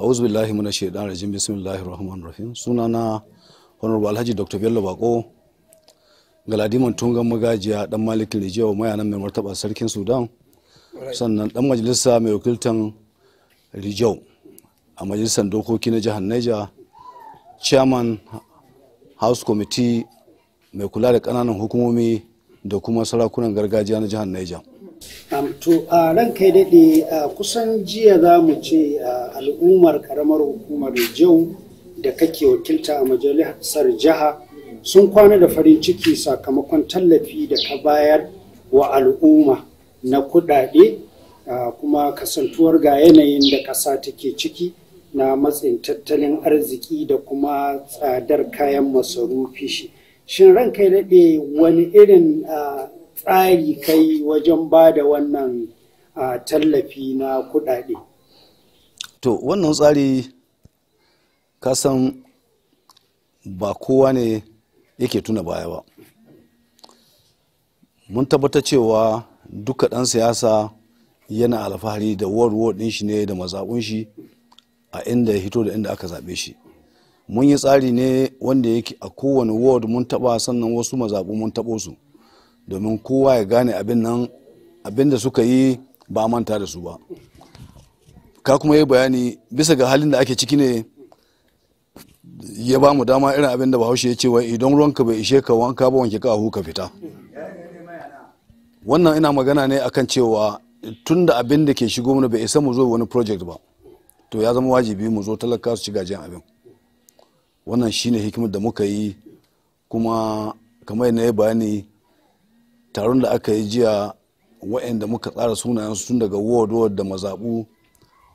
auzu billahi minash shaitanir rajim bismillahir rahmanir rahim sunana honorable alhaji dr bello bako galadiman tungan magajiya dan malikin rijiyawa mayanan mai martaba sarkin sudan sannan dan majalisa mai wakiltan rijau a majalisar dokoki na jihar Niger chairman house committee mai kula da kananan hukumomi da kuma sarakunan gargajiya na jihar Niger to a uh, ran kai daɗe uh, kusan jiya za mu ce uh, al'ummar karamar hukumar jau da kake wakilta a majalisar jiha sun kwana da farin ciki sakamakon tallafi da ka bayar wa al'umma na kuɗaɗe kuma kasantuwar ga yanayin da ƙasa take ciki na matsin tattalin arziki da kuma tsadar kayan masarufi shi shin ran kai daɗe wani irin tsari kai wajen ba da wannan tallafi na kudade. To, wannan tsari kasan ba kowa ne yake tuna baya ba. Mun tabbata cewa duka ɗan siyasa yana alfahari da warwar ɗin shi ne da mazaɓun shi a inda ya hito da inda aka zaɓe shi. mun yi tsari ne wanda yake a kowane ward mun taɓa sannan wasu mazaɓu mun taɓo su domin kowa ya gane abin da suka yi ba manta da su ba ka kuma yi bayani bisa ga halin da ake ciki ne ya ba mu dama irin abin da bahaushe ya ce wai idan ruwanka bai ishe ka wanka ba wanke ka ka fita wannan ina magana ne akan cewa tun da abin da ke shigo mana bai isa mu zo wani project ba to ya zama wajibi mu zo talaka su ci gajiyar abin wannan shine hikimar da muka yi kuma kamar na yi bayani taron da aka yi jiya waɗanda muka tsara sunayen sun daga ward ward da mazaɓu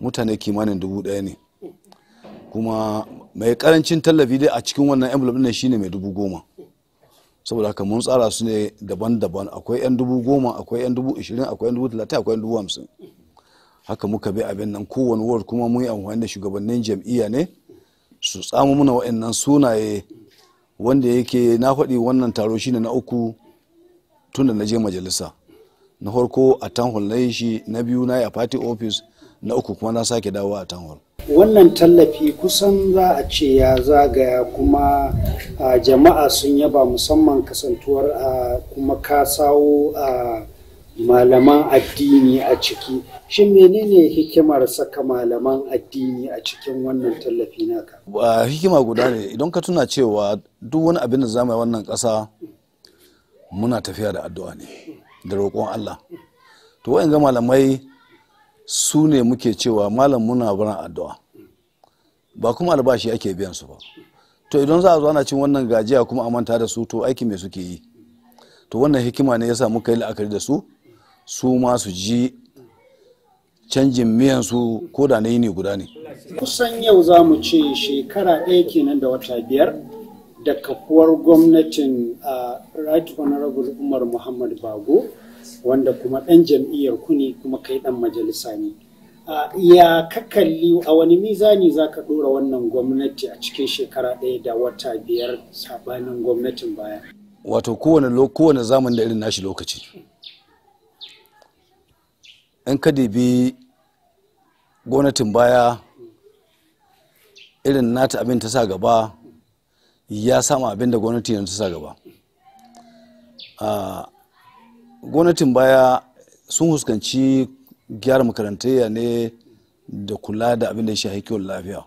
mutane kimanin dubu ɗaya ne kuma mai karancin tallafi dai a cikin wannan envelope ɗin shine mai dubu goma saboda haka mun tsara su ne daban-daban akwai 'yan dubu goma akwai 'yan dubu ishirin akwai 'yan dubu talatin akwai 'yan dubu hamsin haka muka bi abin nan kowane ward kuma mun yi amfani da shugabannin jam'iyya ne su tsamo muna wa'annan sunaye wanda yake na faɗi wannan taro shine na uku tun da na je majalisa na farko a town hall na yi shi na biyu na yi a party office na uku kuma na sake dawo a town hall wannan tallafi kusan za a ce ya zagaya kuma jama'a sun yaba musamman kasantuwar kuma ka sawo malaman addini a ciki shi menene hikimar saka malaman addini a cikin wannan tallafi naka hikima guda ne idan ka tuna cewa duk wani abin da zama wannan ƙasa muna tafiya da addu'a ne da roƙon Allah to wa'in malamai su ne muke cewa malam muna barin addu'a ba kuma albashi ake biyan su ba to idan za a zo ana cin wannan gajiya kuma a manta da su to aiki mai suke yi to wannan hikima ne yasa muka yi la'akari da su su ma su ji canjin miyan su ko da na yini guda ne kusan yau za mu ce shekara ɗaya kenan da wata biyar da kafuwar gwamnatin right honorable umar muhammad bago wanda kuma dan jam'iyyar ku ne kuma kai dan majalisa ne ya ka a wani mizani za ka ɗora wannan gwamnati a cikin shekara ɗaya da wata biyar sabanin gwamnatin baya wato kowane kowane zamani da irin nashi lokaci in ka dibi gwamnatin baya irin nata abin ta sa gaba ya sama abin da gwamnati yanzu sa gaba gwamnatin baya sun huskanci gyara makarantayya ne da kula da abin da ya shahi kiwon lafiya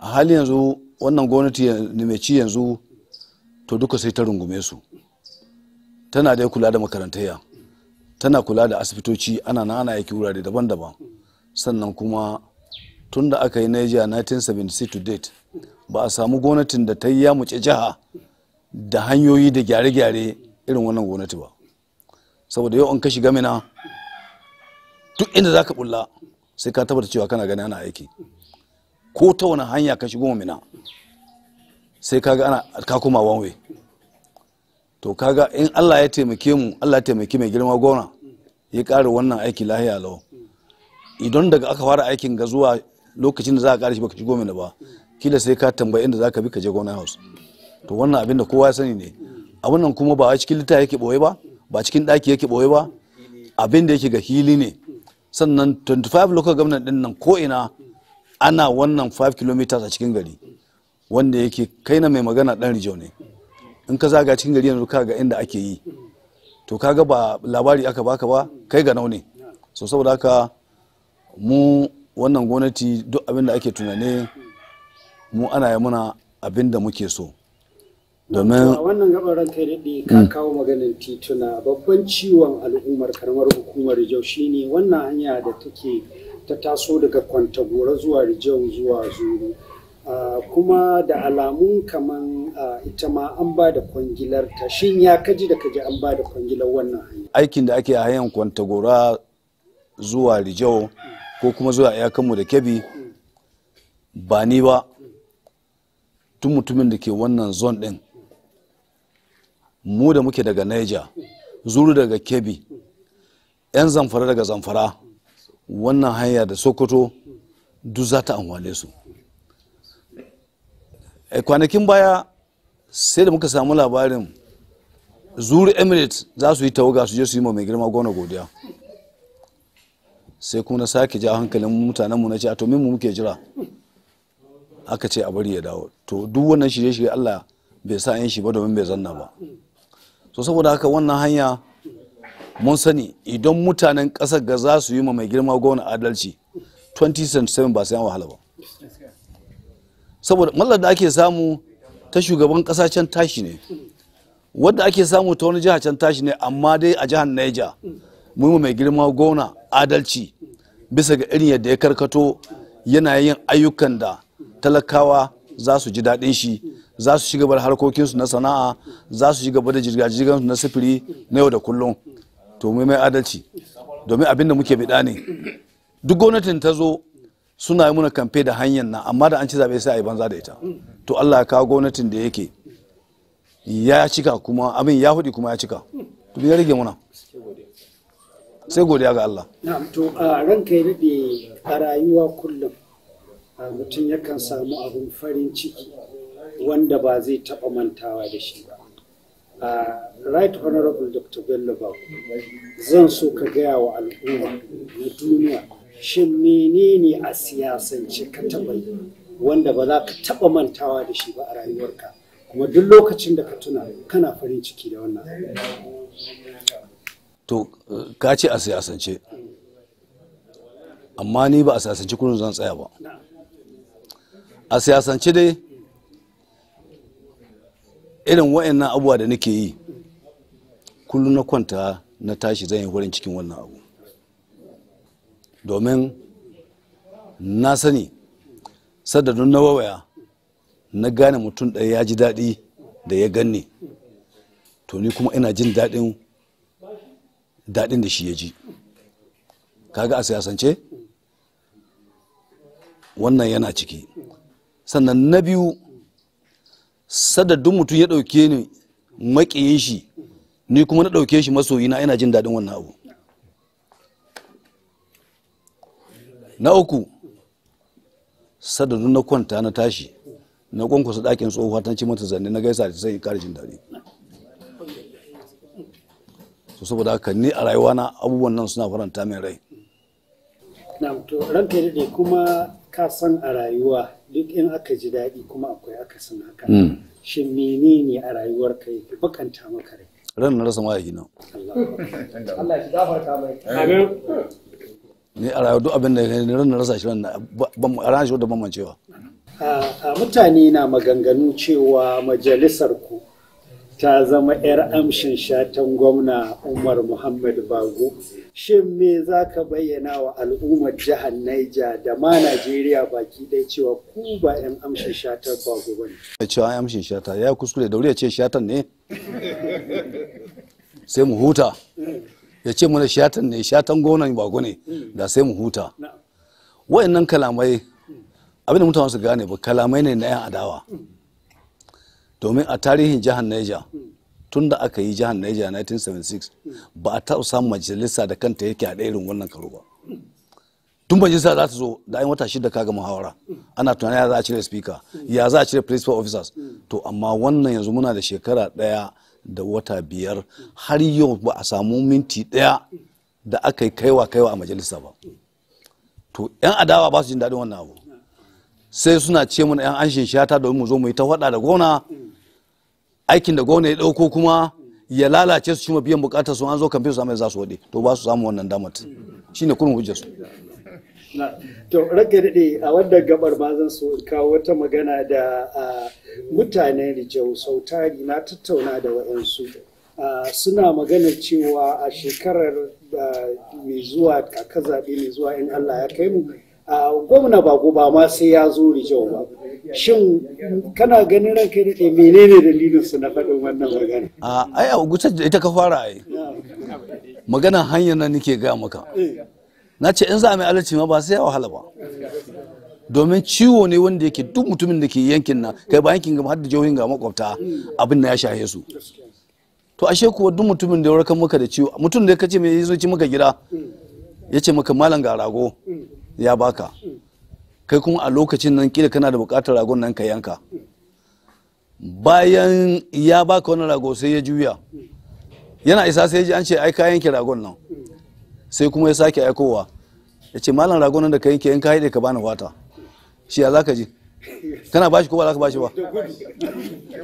a hali yanzu wannan gwamnati mai ci yanzu to duka sai ta rungume su tana dai kula da makarantayya tana kula da asibitoci ana na ana aiki wurare daban-daban sannan kuma tun da aka yi naija 1976 to date ba a samu gwamnatin da ta yi ya muce jiha da hanyoyi da gyare-gyare irin wannan gwamnati ba saboda yau an ka shiga mina duk inda za ka bulla sai ka tabbata cewa kana gani ana aiki ko ta wani hanya ka shigo mina sai kaga ana ka koma wanwe to kaga in Allah ya taimake mu Allah ya taimake mai girma gona ya ƙara wannan aiki lahiya lau idan daga aka fara aikin ga zuwa lokacin da za a ƙara shi baka shigo mina ba kila sai ka tambayi inda zaka bi ka je gona house to wannan abin da kowa ya sani ne a wannan kuma ba a cikin litta yake boye ba ba cikin daki yake boye ba abin da yake ga hili ne sannan 25 local government din nan ko ina ana wannan 5 kilometers a cikin gari wanda yake kai na mai magana dan rijo ne in ka zaga cikin gari yanzu ka ga inda ake yi to kaga ba labari aka baka ba kai ga nau ne so saboda haka mu wannan gwamnati duk abin da ake tunane mu ana yi muna abin da muke so domin wannan gaban ranka daɗe ka mm. kawo maganin tituna babban ciwon al'ummar karamar hukumar rijau shine wannan hanya da take ta taso daga kwantagora zuwa rijau zuwa zuru kuma da alamun kaman ita ma an ba da kwangilar ta shin ya kaji da kaji an ba da kwangilar wannan hanya aikin da ake a hanyar kwantagora zuwa rijau ko kuma zuwa iyakanmu da kebi ba ni ba tun mutumin da ke wannan zon din mu da muke daga niger zuru daga kebbi 'yan zamfara daga zamfara wannan hanya da sokoto duk za ta amfane su A eh, kwanakin baya sai da muka samu labarin zuru emirates za su yi tawaga su je su yi ma mai girma gona godiya sai kuma sake ja hankalin mutanenmu na ce a to mu muke jira aka ce a bari ya dawo to duk wannan shirye-shirye Allah bai sa yin shi ba domin bai zanna ba so saboda haka wannan hanya mun sani idan mutanen ƙasar ga za su yi ma mai girma gwamna adalci 2077 ba su yi wahala ba saboda mallar da ake samu ta shugaban ƙasa can tashi ne wadda ake samu ta wani jiha can tashi ne amma dai a jihar Niger mu mai girma gwamna adalci bisa ga irin yadda ya karkato yana yin ayyukan da talakawa za su ji daɗin shi za su ci gaba da harkokinsu na sana'a za su ci gaba da jirga-jirgansu na sifiri na yau da kullum to mai mai adalci domin abin da muke biɗa ne duk gwamnatin ta zo suna yi muna kamfe da hanyar nan amma da an ci zaɓe sai a yi banza da ita to allah ya kawo gwamnatin da yake ya cika kuma abin ya hudi kuma ya cika to ya rage muna sai godiya ga allah to ranka ya rabe a rayuwa kullum mutum yakan samu abin farin ciki wanda ba zai taɓa mantawa da shi ba a right honorable dr bello ba zan so ka gaya wa al'umma na duniya shin menene a siyasance ka taɓa yi wanda ba za ka taɓa mantawa da shi ba a rayuwarka kuma duk lokacin da ka tuna kana farin ciki da wannan to ka ce a siyasance amma ni ba a siyasance kullum zan tsaya ba a siyasance dai irin wa'annan abuwa da nake yi kullum na kwanta na tashi zan yi wurin cikin wannan abu domin na sani sadadin na wawaya na gane mutum ɗaya ya ji daɗi da ya ganni to ni kuma ina jin daɗin daɗin da shi ya ji kaga a siyasance wannan yana ciki sannan na biyu sadadin mutum ya ɗauke ni maƙiyin shi ni kuma na ɗauke shi masoyina yana jin daɗin wannan abu na uku sadadin na kwanta na tashi na kwankwasa ɗakin tsohuwa ta ci mata zane na gaisa da zai ƙara jin daɗi su saboda haka ni a rayuwa na abubuwan nan suna faranta min rai na to ranka da kuma ka san a rayuwa duk in aka ji daɗi kuma akwai akasin haka hmm. shin menene a rayuwar ka yake bakanta maka rai ran na rasa ma'aiki nan Allah ya gafarta mai amin ni a rayuwa duk abin da ran na rasa shi ran ran shi da ban mutane na maganganu cewa majalisar ta zama 'yar amshin shatan gwamna Umar Muhammad Bago. Shin me za ka bayyana wa al'ummar jihar Naija da ma Najeriya baki dai cewa ku ba 'yan amshin shatan Bago ba ne? Cewa amshin shata ya kuskure da wuri ya ce shatan ne? Sai mu huta. Ya ce mana shatan ne shatan gwamnan Bago ne da sai mu huta. Wa'annan kalamai abin da mutane su gane ba kalamai ne na 'yan adawa. domin a tarihin jihar Niger tun da aka yi jihar Niger 1976 ba a taɓa samun majalisa da kanta yake a irin wannan karo ba tun majalisa za ta zo da ayin wata shida kaga muhawara ana tunanin ya za a cire speaker ya za a cire principal officers to amma wannan yanzu muna da shekara ɗaya da wata biyar har yau ba a samu minti ɗaya da aka yi kaiwa kaiwa a majalisa ba to 'yan adawa ba su jin daɗin wannan abu sai suna ce mana yan anshin shata domin mu zo mu yi ta faɗa da gona aikin da gona ya dauko kuma ya lalace su cima biyan bukatar su an zo kamfe su amai za su waɗe to ba su samu wannan damat ne kurin hujjar su to rage daɗe a wannan gabar ba zan so kawo wata magana da mutanen rijau sau tari na tattauna da wa'yansu suna magana cewa a shekarar mai zuwa a zaɓe mai zuwa in allah ya kai mu gwamna ba ba ma sai ya zo rijau ba shin kana ganin ranka da ke menene dalilin su na faɗin wannan magana a ai a gutar da ita ka fara ai magana hanyar nan nake ga maka eh. na ce in za a mai alaci ma ba sai ya wahala ba domin ciwo ne wanda yake duk mutumin da ke yankin nan kai ba yankin gama har da jihohin ga makwabta hmm. abin na ya shahe su to ashe kuwa duk mutumin da ya warkar maka da ciwo mutum da ya kace mai zo ci maka gida hmm. ya ce maka malam ga rago hmm. ya baka kai kuma a lokacin nan kila kana da bukatar ragon nan ka yanka bayan ya baka wani rago sai ya juya yana isa sai ji an ce ai ka yanke ragon nan sai kuma ya sake aikowa ya ce malam ragon nan da ka yanke yanka ka haɗe ka bani wata shi ya za ka ji tana bashi ko ba za ka bashi ba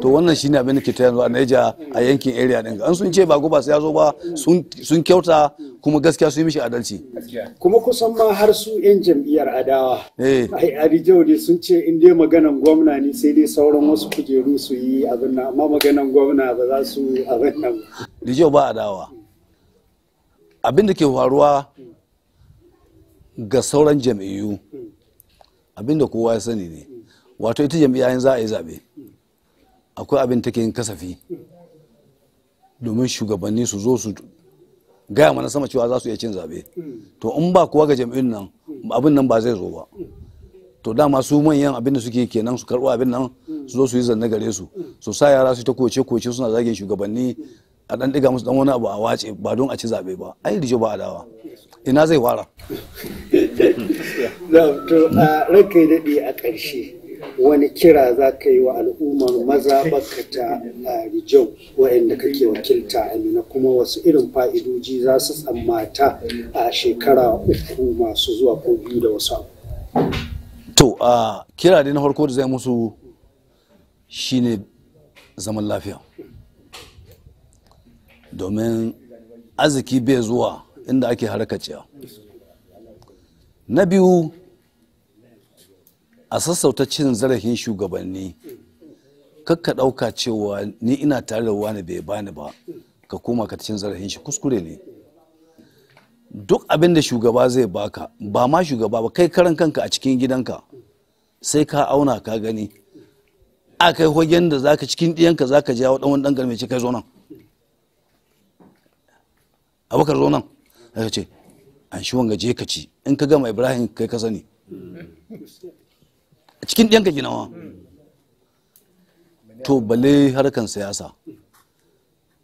to wannan shine abin da ke ta yanzu a naija a yankin area din an sun ce ba goba sai ya zo ba sun kyauta kuma gaskiya sun yi mishi adalci kuma kusan ma har su yan jam'iyyar adawa eh. ai ne sun ce in dai maganan gwamna ne sai dai sauran wasu kujeru su yi abin nan amma maganan gwamna ba za su abin nan rijau ba adawa abin da ke faruwa ga sauran jam'iyyu abin da kowa ya sani ne wato ita jam'iyya yin za a yi zaɓe akwai abin take yin kasafi domin shugabanni su zo su gaya mana sama cewa za su iya cin zaɓe to in ba kuwa ga jam'in nan abin nan ba zai zo ba to dama su manyan abin da suke kenan su karɓo abin nan su zo su yi zanne gare su su sa yara su ta koce koce suna zagin shugabanni a dan diga musu dan wani abu a wace ba don a ci zaɓe ba ai rijo ba dawa ina zai fara to a ƙarshe wani kira za ka yi wa al'ummar maza bakata a rijau waɗanda kake wakilta amina kuma wasu irin fa'idoji za su tsammata a shekara uku masu zuwa ko biyu da wasu to a kira da na farko da zai musu shine zaman lafiya domin arziki bai zuwa inda ake harkaciya na biyu a sassauta cin zarafin shugabanni kakka ɗauka cewa ni ina tare da wani bai bani ba ka koma ka cin zarafin shi kuskure ne duk abin da shugaba zai baka ba ma shugaba ba kai karan kanka a cikin gidanka sai ka auna ka gani a kai hogen da zaka cikin ɗiyanka zaka jawo ɗan wani ɗan garme ce kai zo nan abokar zo nan ka ce an shi wanga je ka ci in ka gama ibrahim kai ka sani cikin ɗiyanka ginawa to bale harkan siyasa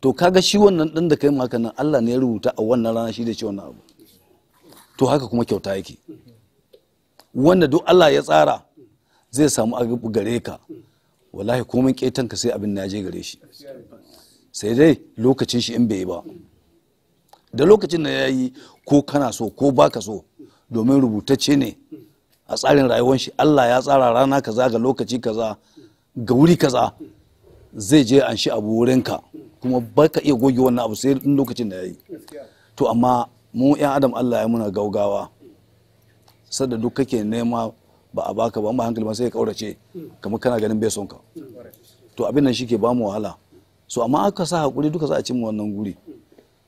to kaga shi wannan ɗan da kai maka nan Allah ne ya rubuta a wannan rana shi da ce wannan abu to haka kuma kyauta yake wanda duk Allah ya tsara zai samu agabu gare ka wallahi komai ketan ka sai abin na je gare shi sai dai lokacin shi in bai ba da lokacin da ya yi ko kana so ko baka so domin rubutacce ne a tsarin rayuwar shi Allah ya tsara rana kaza ga lokaci kaza ga wuri kaza zai je an shi abu wurinka kuma baka iya goge wannan abu sai in lokacin da yayi to amma mu yan adam Allah ya muna gaugawa sadda duk kake nema ba a baka ba amma hankali ma sai ya kaurace kamar kana ganin bai son ka to abin nan shike ba mu wahala so amma aka sa hakuri duka za a cimma wannan guri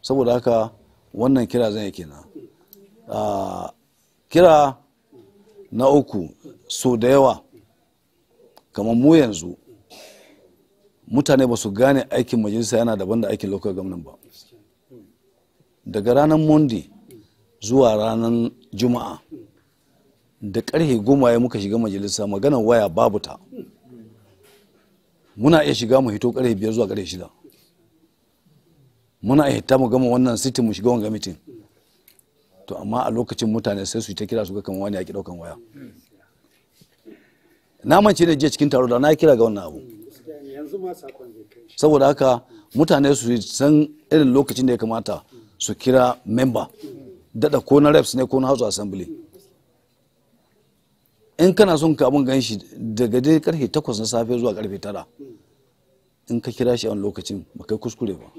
saboda haka wannan kira zan yake kenan ah, kira na uku so da yawa kamar mu yanzu mutane ba su gane aikin majalisa yana daban da aikin local government ba daga ranar monday zuwa ranar juma'a da karfe goma ya muka shiga majalisa maganar waya babu ta muna iya shiga mu hito karfe biyar zuwa karfe shida muna iya hita mu gama wannan sitin mu shiga wanga mitin to amma a lokacin mutane sai su ta kira su ga kamar wani ya ki daukan waya na mance ne je cikin taro da na kira ga wannan abu saboda haka mutane su san irin lokacin da ya kamata su kira member dada ko na reps ne ko na house assembly in kana son ka abin ganshi daga dai karfe 8 na safe zuwa karfe 9 in ka kira shi a wani lokacin ba kai kuskure ba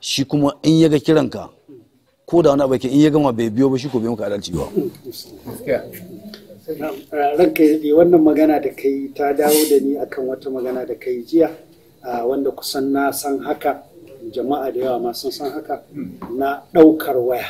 shi kuma in ya ga kiranka ko da wani abokin in ya gama bai biyo ba shi ko bai muka adalci ba ranka ya wannan magana da kai ta dawo da ni akan wata magana da kai jiya ah, wanda kusan na san haka jama'a da yawa ma sun san haka na ɗaukar waya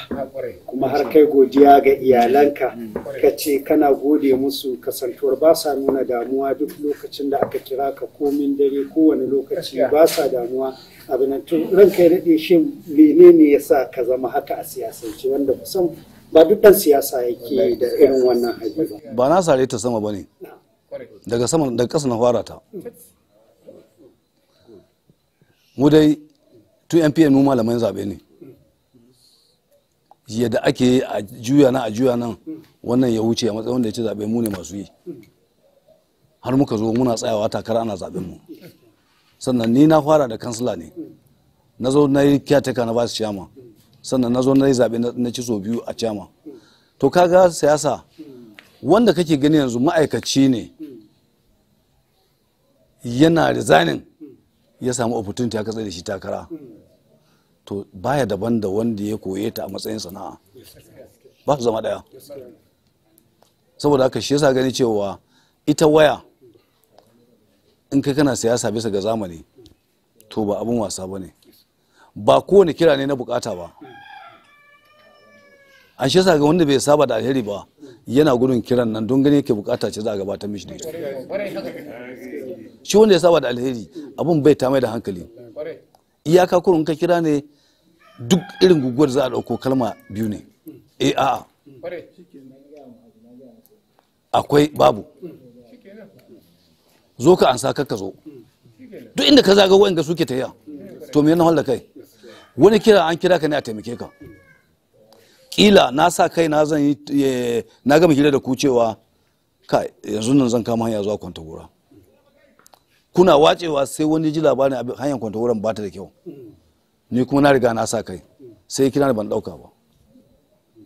kuma har kai godiya ga iyalanka mm. ka ce kana gode musu kasantuwar ba sa nuna damuwa duk lokacin da aka kira ka komin dare kowane lokaci ba sa damuwa abu abin tun ranka ya daɗe shin menene ya sa ka zama haka a siyasance wanda kusan ba duk ɗan siyasa yake da irin wannan hali ba ba na sare ta sama ba ne daga sama daga ƙasa na fara ta mm. mu dai tun npn mu malaman zaɓe ne yadda ake a juya nan a juya nan wannan ya wuce a matsayin da ya ci zaɓe mu ne masu yi har muka zo muna tsayawa takara ana zaɓen mu sannan ni na fara da kansila ne na zo na yi kyataka na basu ciyama sannan na zo na yi zaɓe na ci so biyu a ciyama to kaga siyasa wanda kake gani yanzu ma'aikaci ne yana resigning ya samu opportunity ya katsa da shi takara to baya daban da wanda ya koye ta a matsayin sana'a ba su zama daya saboda haka shi yasa gani cewa ita waya in kai kana siyasa bisa ga zamani to ba abin wasa ba ne ba kowane kira ne na bukata ba an shi yasa ga wanda bai saba da alheri ba yana gudun kiran nan don gani yake bukata ce za a gabatar mishi da ita shi wanda ya saba da alheri abun bai ta mai da hankali iyaka kurun ka kira ne duk irin guguwar za a dauko kalma biyu ne eh a'a akwai babu zo ka ansa kakka zo duk inda ka zaga wa'in ga suke ta yi to me yana hallaka kai wani kira an kira ka ne a taimake ka kila na sa kai na zan yi eh, na gama hira da ku cewa kai yanzu nan zan kama hanya zuwa kwantagora kuna wacewa sai wani ji labarin hanyar kwantagoran ba ta da kyau ni kuma na riga na sa kai sai kina da ban dauka ba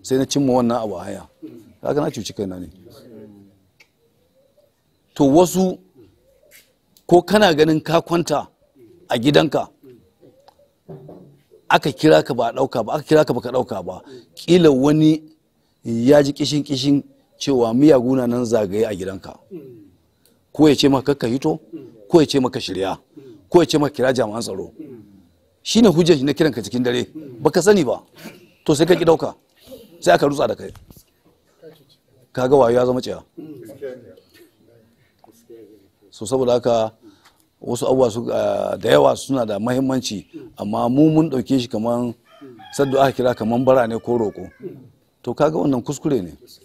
sai na cimma wannan abu haya haka na cuci kaina ne to wasu ko kana ganin ka kwanta a gidanka aka kira ka ba a ɗauka ba aka kira ka ba ka ɗauka ba ƙila wani ya ji kishin kishin cewa miyaguna nan zagaye a gidanka ko ya ce maka kakka hito ko ya ce maka shirya ko ya ce maka kira jami'an tsaro Shi ne hujjar shi na kiranka cikin dare Ba ka sani ba to sai ka ki ɗauka sai aka rutsa da kai Ka ga wayo ya zama ciya so saboda haka wasu abubuwa ah, da yawa suna da mahimmanci amma mu mun ɗauke shi kamar saddu aka kira kamar bara ne ko roƙo to kaga wannan kuskure ne